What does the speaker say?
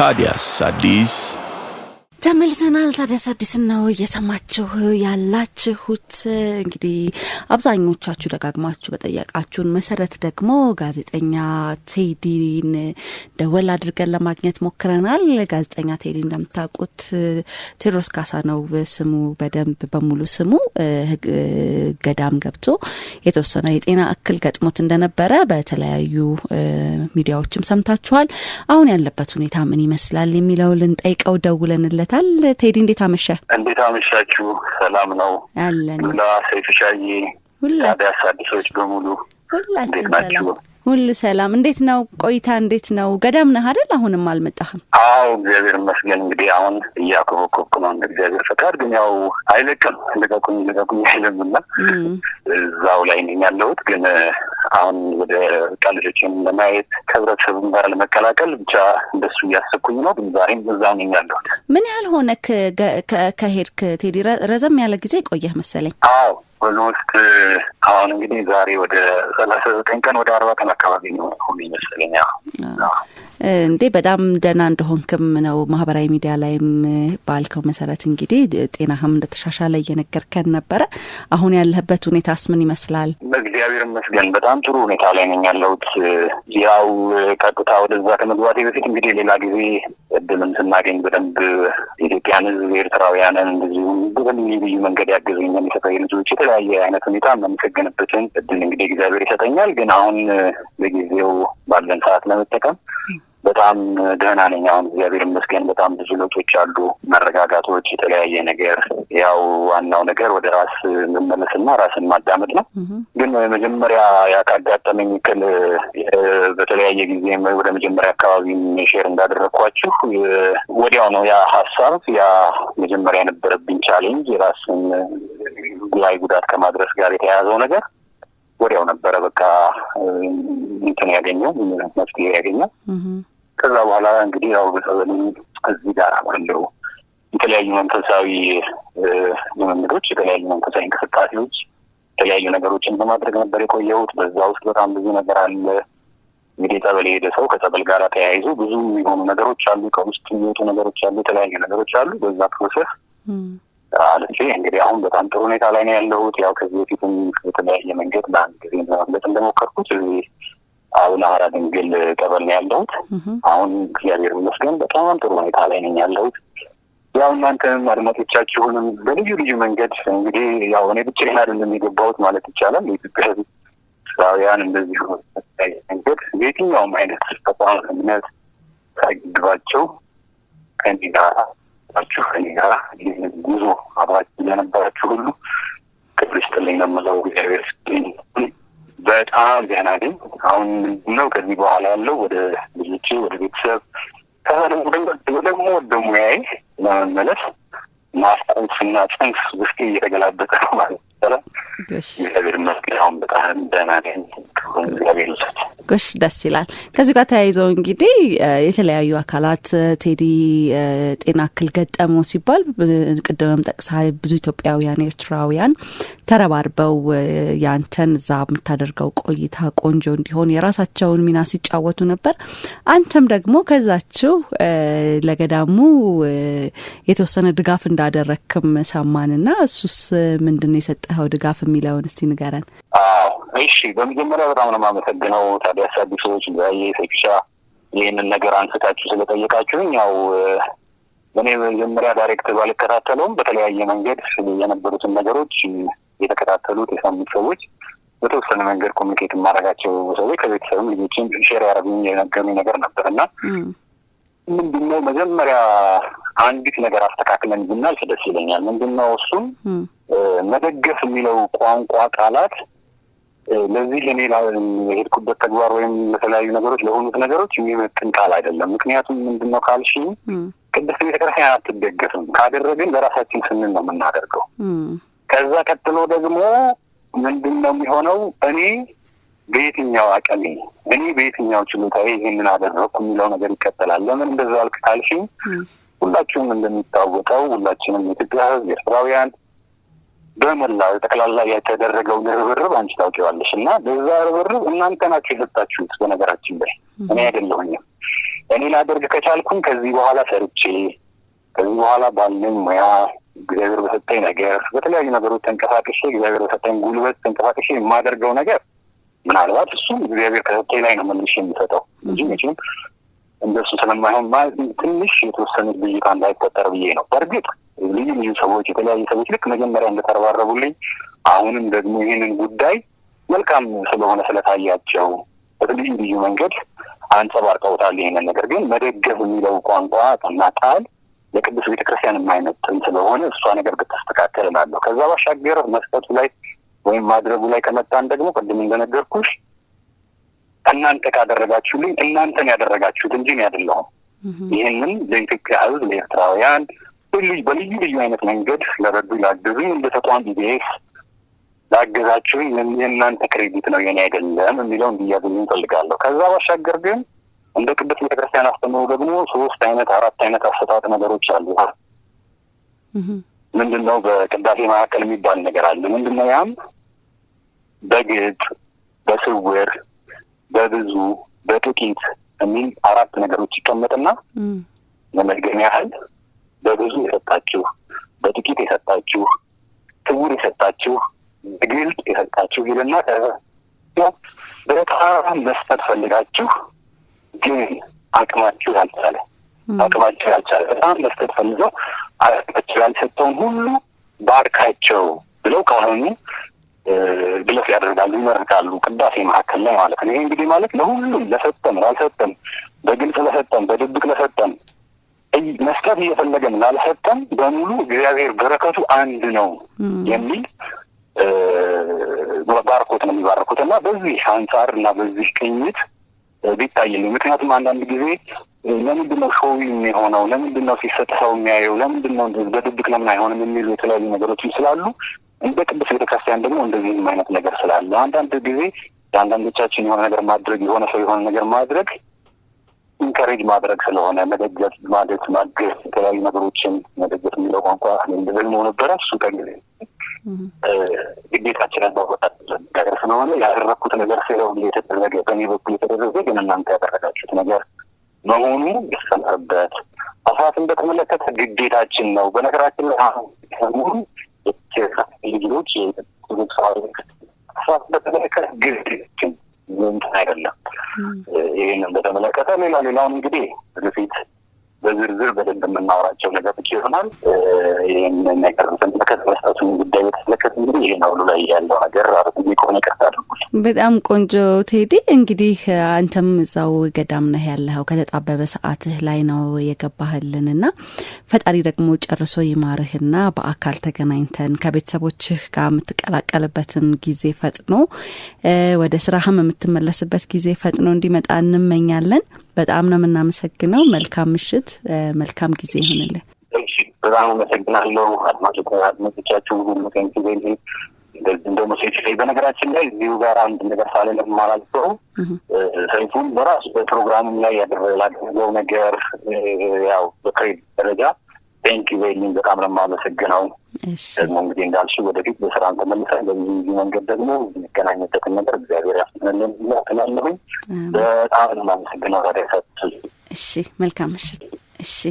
Tadya Sadis ተመልሰናል። ታዲያስ አዲስ ነው እየሰማችሁ ያላችሁት። እንግዲህ አብዛኞቻችሁ ደጋግማችሁ በጠየቃችሁን መሰረት ደግሞ ጋዜጠኛ ቴዲን ደወል አድርገን ለማግኘት ሞክረናል። ጋዜጠኛ ቴዲ እንደምታውቁት ቴዎድሮስ ካሳ ነው ስሙ፣ በደንብ በሙሉ ስሙ። ገዳም ገብቶ የተወሰነ የጤና እክል ገጥሞት እንደነበረ በተለያዩ ሚዲያዎችም ሰምታችኋል። አሁን ያለበት ሁኔታ ምን ይመስላል የሚለው ልንጠይቀው ደውለንለት ብለውታል። ቴዲ እንዴት አመሻ? እንዴት አመሻችሁ? ሰላም ነው አለን። ሁላ ሴፍሻዬ ሻዬ፣ አዲስ አዲሶች በሙሉ ሁላችን ሰላም ሁሉ ሰላም። እንዴት ነው ቆይታ? እንዴት ነው ገዳም ነህ አይደል? አሁንም አልመጣህም? አዎ እግዚአብሔር ይመስገን። እንግዲህ አሁን እያኮበኮብኩ ነው እንደ እግዚአብሔር ፈቃድ። ግን ያው አይለቅም ልቀቁኝ ልቀቁኝ አይልምና እዛው ላይ ነኝ ያለሁት ግን አሁን ወደ ቃልጆችን ለማየት ከህብረተሰቡም ጋር ለመቀላቀል ብቻ እንደሱ እያሰብኩኝ ነው። ዛሬም እዛ ነኝ ያለሁት። ምን ያህል ሆነ ከሄድክ ቴዲ? ረዘም ያለ ጊዜ ቆየህ መሰለኝ። አዎ ኦልሞስት አሁን እንግዲህ ዛሬ ወደ ሰላሳ ዘጠኝ ቀን ወደ አርባ ቀን አካባቢ ነው ሆኑ ይመስለኛ። እንዴ በጣም ደህና እንደሆንክም ነው ማህበራዊ ሚዲያ ላይም ባልከው መሰረት እንግዲህ ጤናህም እንደተሻሻለ እየነገርከን ነበረ። አሁን ያለህበት ሁኔታስ ምን ይመስላል? እግዚአብሔር ይመስገን በጣም ጥሩ ሁኔታ ላይ ነኝ ያለሁት። ያው ቀጥታ ወደዛ ከመግባቴ በፊት እንግዲህ ሌላ ጊዜ እድልም ስናገኝ በደንብ ኢትዮጵያን ሕዝብ ኤርትራውያንን፣ እንደዚሁም በልዩ ልዩ መንገድ ያገዙኝን የሰፋዊ ልጆች የተለያየ አይነት ሁኔታ የማመሰገንበትን እድል እንግዲህ እግዚአብሔር ይሰጠኛል። ግን አሁን ለጊዜው ባለን ሰዓት ለመጠቀም በጣም ደህና ነኝ። አሁን እግዚአብሔር ይመስገን። በጣም ብዙ ለውጦች አሉ፣ መረጋጋቶች፣ የተለያየ ነገር። ያው ዋናው ነገር ወደ ራስ መመለስና ራስን ማዳመጥ ነው። ግን መጀመሪያ ያካጋጠመኝ እክል በተለያየ ጊዜ ወደ መጀመሪያ አካባቢ ሼር እንዳደረግኳችሁ ወዲያው ነው ያ ሀሳብ ያ መጀመሪያ የነበረብኝ ቻሌንጅ የራስን ላይ ጉዳት ከማድረስ ጋር የተያያዘው ነገር ወዲያው ነበረ በቃ እንትን ያገኘው መፍትሄ ያገኘው። ከዛ በኋላ እንግዲህ ያው በጸበል እዚህ ጋር ባለው የተለያዩ መንፈሳዊ ልምምዶች፣ የተለያዩ መንፈሳዊ እንቅስቃሴዎች፣ የተለያዩ ነገሮችን በማድረግ ነበር የቆየሁት። በዛ ውስጥ በጣም ብዙ ነገር አለ። እንግዲህ ጸበል የሄደ ሰው ከጸበል ጋር ተያይዞ ብዙ የሚሆኑ ነገሮች አሉ፣ ከውስጥ የሚወጡ ነገሮች አሉ፣ የተለያዩ ነገሮች አሉ። በዛ ፕሮሰስ አልፌ እንግዲህ አሁን በጣም ጥሩ ሁኔታ ላይ ነው ያለሁት። ያው ከዚህ በፊትም በተለያየ መንገድ በአንድ ጊዜ ለመግለጽ እንደሞከርኩት እዚህ አቡነ ሀራ ድንግል ቀበል ነው ያለሁት። አሁን እግዚአብሔር ይመስገን በጣም ጥሩ ሁኔታ ላይ ነኝ ያለሁት። ያው እናንተም አድማጮቻችሁንም በልዩ ልዩ መንገድ እንግዲህ ያው እኔ ብቻዬን አይደለም የገባሁት ማለት ይቻላል። የኢትዮጵያ ስራውያን እንደዚሁ መንገድ በየትኛውም አይነት ተቋም እምነት ሳይግድባቸው ከእኔ ጋር ስለመጣችሁ እኔ ጋር ጉዞ አብራችሁ ለነበራችሁ ሁሉ ክብር ይስጥልኝ ነው የምለው። እግዚአብሔር ይስጥልኝ። በጣም ዜና ግን አሁን ምንድነው ከዚህ በኋላ ያለው ወደ ልጆች ወደ ቤተሰብ ደግሞ ወደ ሙያዬ ለመመለስ እና ጽንፍ ውስጥ እየተገላበጠ ነው ማለት ይቻላል። እግዚአብሔር ይመስገን። አሁን በጣም ደህና ነኝ። እግዚአብሔር ይውሰድ። ጎሽ ደስ ይላል። ከዚህ ጋር ተያይዘው እንግዲህ የተለያዩ አካላት ቴዲ ጤና እክል ገጠመው ሲባል ቅድመም ጠቅሳይ ብዙ ኢትዮጵያውያን ኤርትራውያን ተረባርበው ያንተን እዛ የምታደርገው ቆይታ ቆንጆ እንዲሆን የራሳቸውን ሚና ሲጫወቱ ነበር። አንተም ደግሞ ከዛችው ለገዳሙ የተወሰነ ድጋፍ እንዳደረክም ሰማንና እሱስ ምንድን የሰጠኸው ድጋፍ የሚለውን እስቲ ንገረን። እሺ በመጀመሪያ በጣም ነው የማመሰግነው ታዲያስ አዲሶች ዛዬ ሴክሻ ይህንን ነገር አንስታችሁ ስለጠየቃችሁኝ ያው እኔ መጀመሪያ ዳይሬክት ባልከታተለውም በተለያየ መንገድ የነበሩትን ነገሮች የተከታተሉት የሰሙት ሰዎች በተወሰነ መንገድ ኮሚኒኬት የማደርጋቸው ሰዎች ከቤተሰብም ልጆችን ሼር ያደረጉኝ የነገሩኝ ነገር ነበር እና ምንድነው መጀመሪያ አንዲት ነገር አስተካክለን ብናልፍ ደስ ይለኛል። ምንድነው እሱም መደገፍ የሚለው ቋንቋ ቃላት ለዚህ ለኔ የሄድኩበት ተግባር ወይም ለተለያዩ ነገሮች ለሆኑት ነገሮች የሚመጥን ቃል አይደለም። ምክንያቱም ምንድነው ካልሽ ቅድስት ቤተክርስቲያን አትደገፍም። ካደረግን ለራሳችን ስንል ነው የምናደርገው። ከዛ ቀጥሎ ደግሞ ምንድን ነው የሚሆነው? እኔ በየትኛው አቅሜ እኔ በየትኛው ችሎታዬ ይህንን አደረግኩ የሚለው ነገር ይቀጥላል። ለምን እንደዛ አልክ ካልሽኝ ሁላችሁም እንደሚታወቀው ሁላችንም የኢትዮጵያ ሕዝብ ኤርትራውያን በመላው ጠቅላላ የተደረገውን ርብርብ አንቺ ታውቂዋለሽ። እና በዛ ርብርብ እናንተ ናችሁ የሰጣችሁት። በነገራችን ላይ እኔ አይደለሁኝም። እኔ ላደርግ ከቻልኩኝ ከዚህ በኋላ ሰርቼ ከዚህ በኋላ ባለኝ ሙያ እግዚአብሔር በሰጠኝ ነገር በተለያዩ ነገሮች ተንቀሳቅሼ እግዚአብሔር በሰጠኝ ጉልበት ተንቀሳቅሼ የማደርገው ነገር ምናልባት እሱም እግዚአብሔር ከሰጠኝ ላይ ነው መልሽ የሚሰጠው እንጂ መቼም እንደሱ ስለማይሆን ማለት ትንሽ የተወሰነ ብይታ እንዳይፈጠር ብዬ ነው። በእርግጥ ልዩ ልዩ ሰዎች የተለያዩ ሰዎች ልክ መጀመሪያ እንደተረባረቡልኝ አሁንም ደግሞ ይህንን ጉዳይ መልካም ስለሆነ ስለታያቸው በልዩ ልዩ መንገድ አንጸባርቀውታል። ይህንን ነገር ግን መደገፍ የሚለው ቋንቋ እና ቃል ለቅዱስ ቤተክርስቲያን የማይመጥን ስለሆነ እሷ ነገር ብትስተካከል እላለሁ። ከዛ ባሻገር መስጠቱ ላይ ወይም ማድረጉ ላይ ከመጣን ደግሞ ቅድም እንደነገርኩሽ እናንተ ካደረጋችሁልኝ እናንተን ያደረጋችሁት እንጂ እኔ አይደለሁም። ይህንን ለኢትዮጵያ ሕዝብ ለኤርትራውያን በልዩ ልዩ አይነት መንገድ ለረዱ ላገዙኝ እንደ ተቋም ኢቢኤስ ላገዛችሁኝ የእናንተ ክሬዲት ነው የኔ አይደለም የሚለው እንዲያገኙ እንፈልጋለሁ። ከዛ ባሻገር ግን እንደ ቅዱስ ቤተክርስቲያን አስተምሮ ደግሞ ሶስት አይነት አራት አይነት አሰጣጥ ነገሮች አሉ። ምንድን ነው በቅዳሴ መካከል የሚባል ነገር አለ። ምንድን ነው ያም በግጥ በስውር በብዙ በጥቂት የሚል አራት ነገሮች ይቀመጥና ለመድገም ያህል በብዙ የሰጣችሁ፣ በጥቂት የሰጣችሁ፣ ትውር የሰጣችሁ፣ በግልጥ የሰጣችሁ ይልና በጣም መስጠት ፈልጋችሁ ግን አቅማችሁ ያልቻለ አቅማችሁ ያልቻለ በጣም መስጠት ፈልገው አቅማችሁ ያልሰጠውን ሁሉ ባርካቸው ብለው ካሁኑ ግለጽ ያደርጋሉ፣ ይመርቃሉ። ቅዳሴ መካከል ላይ ማለት ነው። ይሄ እንግዲህ ማለት ለሁሉም ለሰጠን፣ ላልሰጠን፣ በግልጽ ለሰጠን፣ በድብቅ ለሰጠን፣ መስጠት እየፈለገን ላልሰጠን በሙሉ እግዚአብሔር በረከቱ አንድ ነው የሚል ባርኮት ነው የሚባረኩት እና በዚህ አንጻር እና በዚህ ቅኝት ቢታይልኝ። ምክንያቱም አንዳንድ ጊዜ ለምንድን ነው ሾዊ የሚሆነው? ለምንድን ነው ሲሰጥ ሰው የሚያየው? ለምንድን ነው በድብቅ ለምን አይሆንም? የሚሉ የተለያዩ ነገሮችም ስላሉ በቅዱስ ቤተክርስቲያን ደግሞ እንደዚህም አይነት ነገር ስላለ አንዳንድ ጊዜ ለአንዳንዶቻችን የሆነ ነገር ማድረግ የሆነ ሰው የሆነ ነገር ማድረግ ኢንከሬጅ ማድረግ ስለሆነ መደገፍ ማለት ማገዝ የተለያዩ ነገሮችን መደገፍ የሚለው ቋንቋ ደግሞ ነበረ። እሱ ከጊዜ ግዴታችንን መወጣት ነገር ስለሆነ ያደረግኩት ነገር ስለሆነ የተደረገ በእኔ በኩል የተደረገ ግን እናንተ ያደረጋችሁት ነገር መሆኑ ይሰመርበት። አስራትን በተመለከተ ግዴታችን ነው። በነገራችን ላይ ሙሉ ይህንን በተመለከተ ሌላ ሌላውን እንግዲህ ወደፊት በዝርዝር በደንብ የምናወራቸው ነገሮች ይሆናል። ይህን ነገር በተመለከተ መስጠቱን ጉዳይ በተመለከተ እንግዲህ ላይ ያለው ነገር ከሆነ አድርጉል። በጣም ቆንጆ ቴዲ። እንግዲህ አንተም እዛው ገዳም ነህ ያለኸው ከተጣበበ ሰአትህ ላይ ነው የገባህልንና ፈጣሪ ደግሞ ጨርሶ ይማርህና በአካል ተገናኝተን ከቤተሰቦችህ ጋር የምትቀላቀልበትን ጊዜ ፈጥኖ ወደ ስራህም የምትመለስበት ጊዜ ፈጥኖ እንዲመጣ እንመኛለን። በጣም ነው የምናመሰግነው። መልካም ምሽት፣ መልካም ጊዜ ይሆንልን። በጣም አመሰግናለሁ። አድማጭ አድማጮቻችሁ ሁሉ ቴንክ ቤል እንደሞ ሴት ላይ በነገራችን ላይ እዚሁ ጋር አንድ ነገር ሳለ ለማላቸው ሰይፉን በራሱ በፕሮግራሙ ላይ ያደረገው ነገር ያው በክሬድ ደረጃ ቴንክ ቤልን በጣም ለማመሰግነው። ደግሞ እንግዲህ እንዳልሽ ወደፊት በስራን ተመልሰን በዚህ መንገድ ደግሞ የሚገናኝበትን ነገር እግዚአብሔር ያስናለን ትላለሁኝ። በጣም ለማመሰግነው ታዲያ ሰ እሺ መልካም ምሽት። እሺ